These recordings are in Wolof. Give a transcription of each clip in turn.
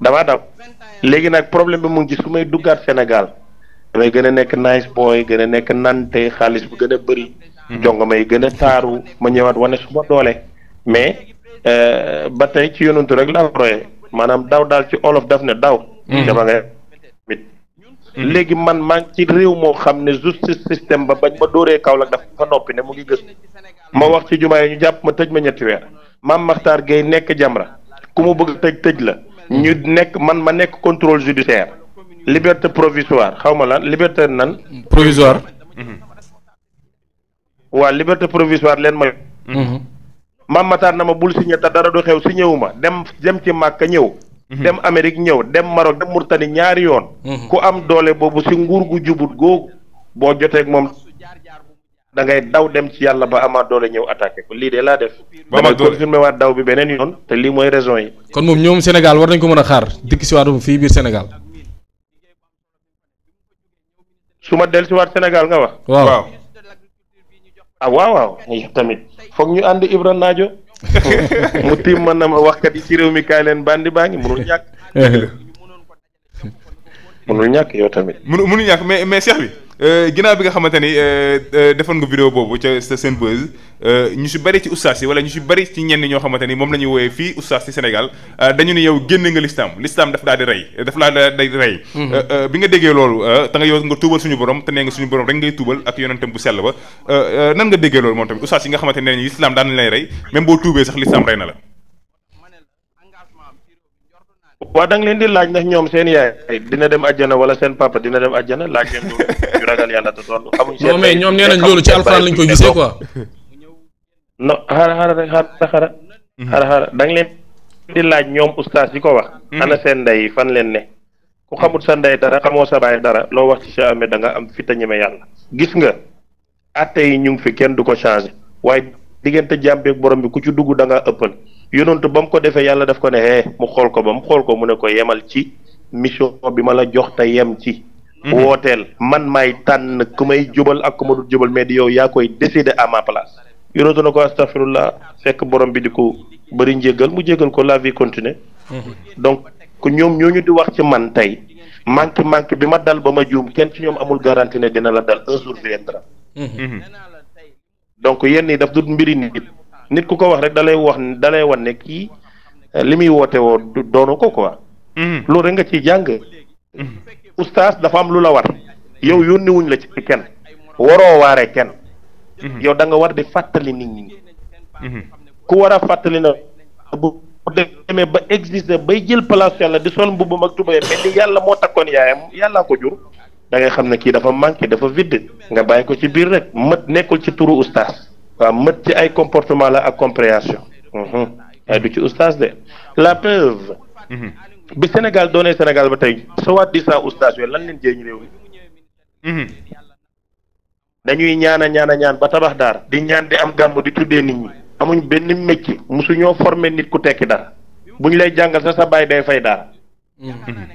damaa daw léegi nag problème bi mu gis ci su may duggaat Sénégal damay gën a nekk nice boy gën a nekk nante xaalis bu gën a bëri. Mhm. jongo may gën a taaru ma ñëwaat wane su ma doole mais euh, ba tey ci yonantu rek laa maanaam daw daal ci olof daf ne daw. Mhm. dama mhm. man maa ngi ci réew moo xam ne justice système ba bañ ma dóoree Kaolack dafa noppi ne mu ngi gëstu ma wax ci jumaa ñu jàpp ma tëj ma ñetti weer maam Makhtar Gueye nekk Jamra ku mu bëgg tëj tëj la. ñu nekk man ma nekk contrôle judiciaire liberté provisoire xaw ma lan liberté nan. provisoire. Mmh. waa liberté provisoire leen ma. Mmh. maam Matar na ma bul signé te dara du xew signé wu ma dem dem ci Màkka ñëw. Mmh. dem Amérique ñëw dem Maroc dem Murtani ñaari yoon. ku am doole boobu si nguur gu jubut googu boo jotee ak moom da ngay daw dem ci yàlla ba amaat doole ñëw attaqué ko lii de laa def. ba amaat doole confirmé bi beneen yoon. te lii mooy raison yi. kon moom ñoom Sénégal war nañ ko mën a xaar dikk si waatum fii biir Sénégal. su ma dellu siwaat waat Sénégal nga wax. waaw ah waaw waaw tamit foog ñu ànd Ibra Naajo mu tiim na ma wax yi ci réew mi kaay leen bandi baa ngi munul ñàkk. munul ñàkk yow tamit. munul ñàkk mais mais bi. Euh, ginnaaw bi nga xamante ni euh, euh, defoon nga vidéo boobu ca seen buzz ñu si bëri ci ustaas yi wala ñu si bëri ci ñenn ñoo xamante ni moom la ñuy wooyee fii ustaas ci Sénégal dañu ne yow génn nga lislaam lislaam daf daal di rey daf laa di rey mm-hmm. bi nga déggee loolu te nga yow nga tuubal suñu borom te nee nga suñu borom rek ngay tuubal ak yonentam bu sell ba nan nga déggee loolu moom tamit ustaas yi nga xamante ne lislaam daan lay rey même boo tuubee sax lislaam rey na la waa danga leen di laaj ndax ñoom seen yaay dina dem àjjana wala seen papa dina dem àjjana laaj leen loolu ñu ragal yàlla te toll. xamuñ seen non mais ñoom nee nañ loolu ci lañ koy gisee quoi. non xaaral xaaral rek xaaral xaaral xaaral da leen di laaj ñoom ustaas yi ko wax. ana seen ndey fan leen ne. ku xamut sa ndey dara xamoo sa baay dara loo wax ci Cheikh Ahmed da am fi te ñeme yàlla. gis nga atte yi ñu ngi fi kenn du ko changé waaye diggante jàmbeeg borom bi ku ci dugg danga ëppal. yonantu ba mu ko defee yàlla daf ko ne hee eh, mu xool ko ba mu xool ko mu ne ko yemal ci mission bi ma la jox te yem ci. Mhm. wooteel man may tànn ku may jubal ak ku ma dul jubal mais di yow yaa koy décider à ma place. yonantu na ko la fekk borom bi di ko bëri njéggal mu jéggal ko la vie continue. Mhm. donc ku ñoom ñoo ñu di wax ci man tey. manque manque bi ma dal ba ma juum kenn ci ñoom amul garanti ne dina la dal un jour viendra. Mhm. donc yenn yi daf dul mbiri nit. nit ku ko wax rek dalay wax da lay wan ne kii eh, li muy woote woo doonu ko quoi. Mm-hmm. loolu rek nga ciy jàng. Mm-hmm. oustaz dafa am lu la war. yow yónni wuñ la ci kenn. waroo waare kenn. Mm-hmm. yow da nga war di fàttali nit ñi. ku war a fàttali na bu demee ba exister bay jël place yàlla di sol mbubbam ak tubayam mel ni yàlla moo takkoon yaayam yàllaa ko jur. da ngay xam ne kii dafa manqué dafa vide nga bàyyi ko ci biir rek mët nekkul ci turu oustaz. waaw mët ci ay comportement la ak compréhension waaye mhm. du ci oustaz de la preuve mhm. bi Sénégal doonee Sénégal ba tey soit di sa oustaz yooyu lan leen jëriñ réew mi mhm. dañuy ñaan a ñaan ñaan ba tabax daar di ñaan di am gàmm di tuddee nit ñi amuñ benn métier mosuñoo formé nit ku tekki dara bu ñu lay jàngal sa sa baay day fay daara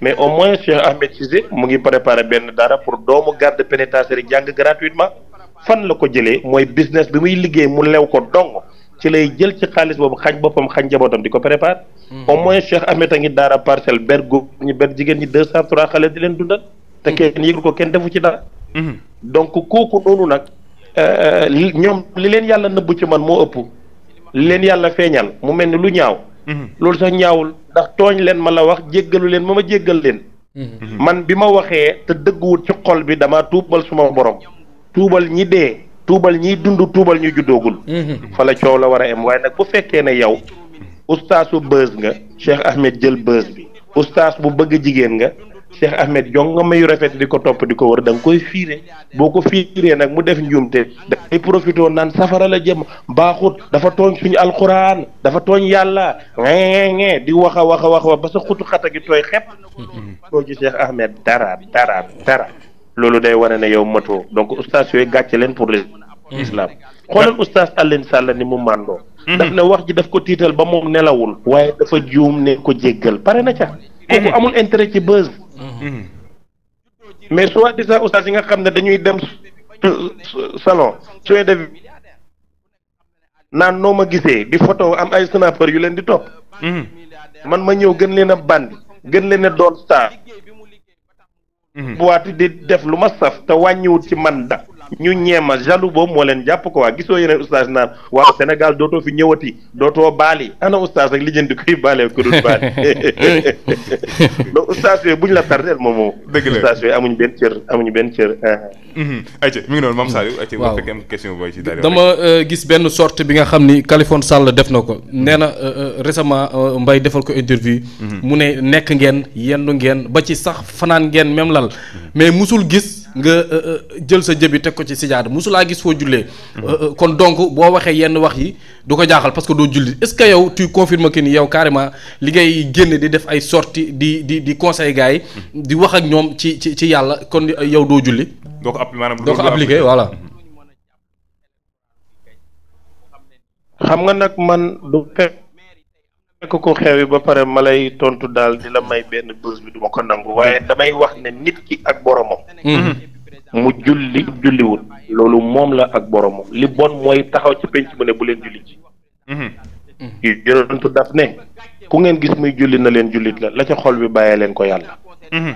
mais au moins Cheikh Ahmed Cissé mu ngi préparé benn daara pour doomu garde pénitentiaire jàng gratuitement fan la ko jëlee mooy business bi muy liggéey mu lew ko dong ci lay jël ci xaalis boobu xañ boppam xañ njabootam di ko préparé. Hmm. au moins Cheikh Ahmed a ngi daara parcelle ber góor ñi benn jigéen ñi deux cent trois xale di leen dundal. te hmm. kenn yëgul ko kenn defu ci dara. Hmm. donc kooku noonu nag euh, ñoom li leen yàlla nëbbu ci man moo ëpp. li leen yàlla feeñal mu mel ni lu ñaaw. loolu sax ñaawul ndax tooñ leen ma la wax jéggalu leen ma ma jéggal leen. man bi ma waxee te dëgguwut ci xol bi dama tuubal suma borom. tuubal ñi dee tuubal ñiy dund tuubal ñu juddoogul mhm. fa la coow la war a am waaye nag bu fekkee ne yow ustaasu bës nga Cheikh Ahmed jël bës bi ustaas bu bëgg jigéen nga Cheikh Ahmed jong nga mayu rafet di ko topp di ko wër da koy fiire boo ko fiiree nag mu def njuumte dafay profité naan safara la jëm baaxut dafa tooñ suñu alxuraan dafa tooñ yàlla ngee di wax a wax a wax ba sa xutu xata gi tooy xepp. soo mhm. ci Cheikh dara dara dara. loolu day wane ne yow mato donc ustaas yooyu gàcce leen pour l'islam mm-hmm. xoolal ustaas Alioune Sall ni mu màndoo mm-hmm. daf ne wax ji daf ko tiital ba moom nelawul waaye dafa juum ne ko jéggal pare na ca kooku mm-hmm. amul intérêt ci bës mais soit disant ustaas yi nga xam ne dañuy dem salon soin de naan noo ma gisee di photo am ay snapper yu leen di topp man ma ñëw gën leen a bandi gën leen a doon star Mhm. bu waati di def lu ma saf te wàññiwut ci man da ñu ñeema jaloux boobu moo leen jàpp ko waa gisoo yeneen oustaz naan waaw Sénégal dootoo fi ñëwati dootoo baali ana oustaz rek li di koy baale ko dul baali donc oustaz yooyu bu ñu la tardeel moom moom. dëgg la oustaz yooyu amuñu benn cër amuñu benn cër. ayca ah. mhm. mi ngi noonu maam Saliou. ayca booy ci dara. dama euh, gis benn sorte bi nga xam ni Khaliphone Sall def na ko nee na euh, euh, récemment Mbaye defal ko interview. Mhm. mu ne nekk ngeen yendu ngeen ba ci sax fanaan ngeen même lal mhm. mais musul gis. nga euh, euh, jël sa jëbbi teg ko ci sijaada mosulaa gis foo jullee. Mm-hmm. Euh, kon donc boo waxee yenn wax yi du ko jaaxal parce que doo julli est-ce que yow tu confirmes que ni yow carrément li ngay di def ay sorties di di di conseil gars yi di wax ak ñoom ci ci ci yàlla kon di yow doo julli. doo ko appliqué maanaam doo ko appliqué voilà. xam nga nag man du fekk ko xew yi ba pare ma lay tontu daal di la may benn bés bi du ma ko nangu waaye damay wax ne nit ki ak boromam. Mhm. mu julli julliwul loolu moom la ak boromam li bon mooy taxaw ci penc mu ne bu leen julli ci mhm. yonentu daf ne ku ngeen gis muy julli na leen jullit la la ca xol bi bàyyee leen ko yàlla mhm.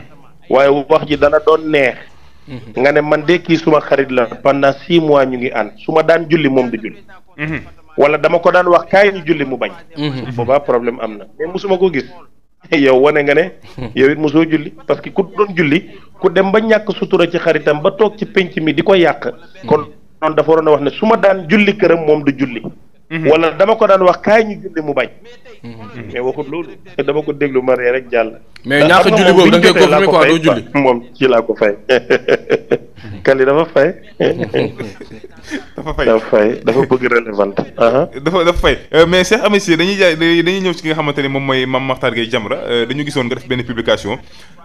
waaye wax ji dana doon neex nga ne man de kii suma xarit la pendant six mois ñu ngi ànd su ma daan julli moom du julli wala dama ko daan wax kaay ñu julli mu bañ boobaa problème am na mais musuma ko gis yow wane nga ne yow it mosoo julli parce que ku doon julli ku dem ba ñàkk sutura ci xaritam ba toog ci pénc mi di ko yàq kon noonu dafa waroon a wax ne su ma daan julli këram moom du julli mhm. wala dama ko daan wax kaay ñu julli mu bañ mhm. mais waxut loolu dama ko déglu ma ree rek jàll mais ñàkk julli boobu da nga koy moom ci laa ko fay Kali dafa fay. dafa fay dafa fay dafa bëgg relevant. dafa dafa fay euh, mais Cheikh Ahmed Cissé dañuy jaay dañuy ñëw ci ki nga xamante ni moom mooy Mame Makhtar Gueye Jamra euh, dañu gisoon nga def benn publication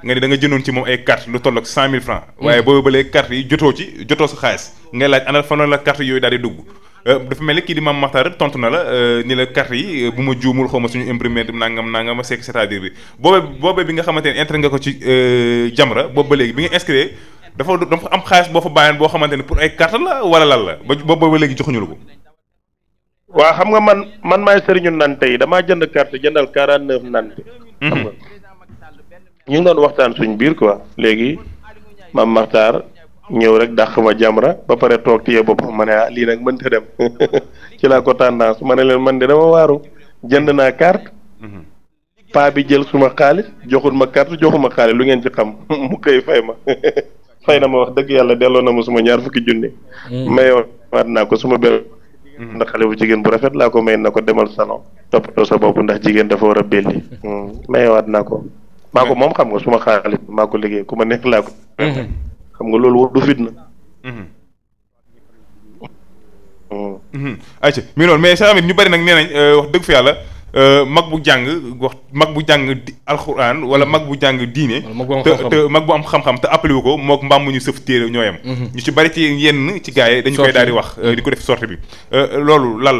nga ni da nga jëndoon ci moom ay carte lu toll ak cent mille francs mm. waaye boobu ba léegi carte yi jotoo ci jotoo sa xaalis ngay la carte yooyu daal dugg. Euh, dafa mel ni kii di Mame Makhtar tontu na la ni la carte yi bu ma juumul xaw ma suñu imprimé nangam nangam c'est-à-dire bi boobee boobee bi nga xamante ne intrant nga ko ci Jamra boobu ba léegi bi nga inscrire dafa dafa am xaalis boo fa bàyyeen boo xamante ne pour ay carte la wala lan la ba ba léegi joxuñu la ko. waa xam nga man man maay sëriñu nante yi damaa jënd carte jëndal quarante neuf nante. Mhm. xam ñu ngi doon waxtaan suñ biir quoi léegi maam Maxtaar ñëw rek dàq ma jamra ba pare toog téye boppam ma ne ah lii nag mënta dem ci laa ko tendance ma ne leen man de dama waaru jënd naa carte. Mhm. paa bi jël suma xaalis joxul ma carte joxuma xaalis lu ngeen ci xam mu ma. fay na ma wax dëgg yàlla delloo na ma suma ñaar fukki junni. Mm. mayoon waat naa ko suma benn. Mm-hmm. ndax xale bu jigéen bu rafet laa ko may na ko demal salon. toppatoo sa bopp ndax jigéen dafa war a belli. Mm. Mm. mayewaat naa ko. maa ko mm-hmm. moom xam nga suma xaalis maa ko liggéey ku ma neex laa ko. Mm-hmm. xam nga loolu du fitna. ayca mi ngi noonu mais Cheikh ñu bari nag nee nañ euh, wax dëgg fa yàlla. Euh, mag bu jàng wax mag bu mag bu jàng diine te mag bu am xam-xam te appelé ko mook mbaam mu ñu sëf téere ñoo mhm. ñu ci bari euh, euh, la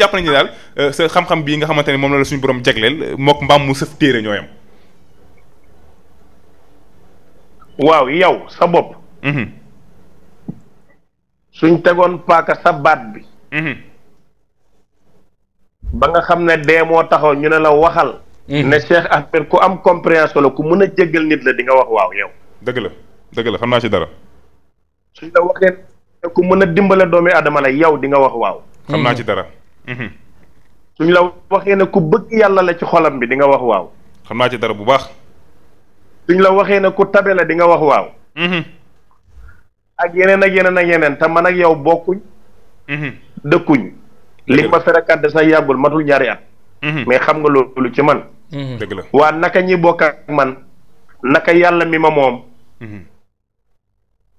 jàpp nañu daal sa xam-xam bii nga xamante moom la suñu borom jagleel mook mbaam mu sëf téere ñooyam waaw yow sa bopp mhm. suñ tegoon paaka sa baat bi mhm. ba nga xam ne dee moo taxaw ñu ne la waxal mhm. ne Cheikh Ahmed ku am compréhension la ku mën a jéggal nit la di nga wax waaw yow dëgg la dëgg la xam naa ci dara suñ la waxee ku mën a dimbale doomi aadama la yow di nga wax waaw xam naa ci dara suñ la waxee ne ku bëgg yàlla la ci xolam bi dinga wax waaw. xam naa ci dara bu baax. suñ la waxee ne ku tabe la di nga wax waaw. Mhm. ak yeneen ak yeneen ak yeneen te man ak yow bokkuñ. Mhm. dëkkuñ. li ma fréquenté sax yàggul matul ñaari at. Mhm. mais xam nga loolu ci man. dëgg la waa naka ñi bokk ak man naka yàlla mi ma moom.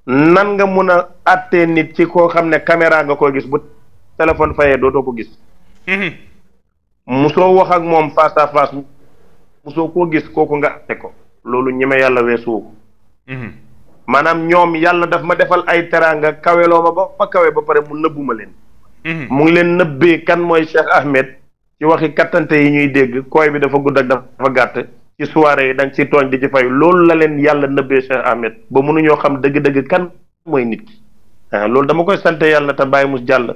nan nga mun a àttee nit ci koo xam ne caméra nga ko gis bu téléphone fayee dootoo ko gis. musoo wax ak moom face à face musoo koo gis kooku nga atte ko loolu ñeme yàlla weesu ko mhm. maanaam ñoom yàlla daf ma defal ay teraanga kaweloo ma ba fa kawe ba pare mu nëbbuma leen mhm. mu ngi leen nëbbee kan mooy Cheikh Ahmed ci waxi kattante yi ñuy dégg kooy bi dafa gudd ak dafa gàtt ci soirée yi da nga ciy tooñ di ci fay loolu la leen yàlla nëbbee Cheikh Ahmed ba mënuñoo xam dëgg-dëgg kan mooy nit ki loolu dama koy sante yàlla te bàyyi mus jàll